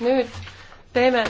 nüüd teeme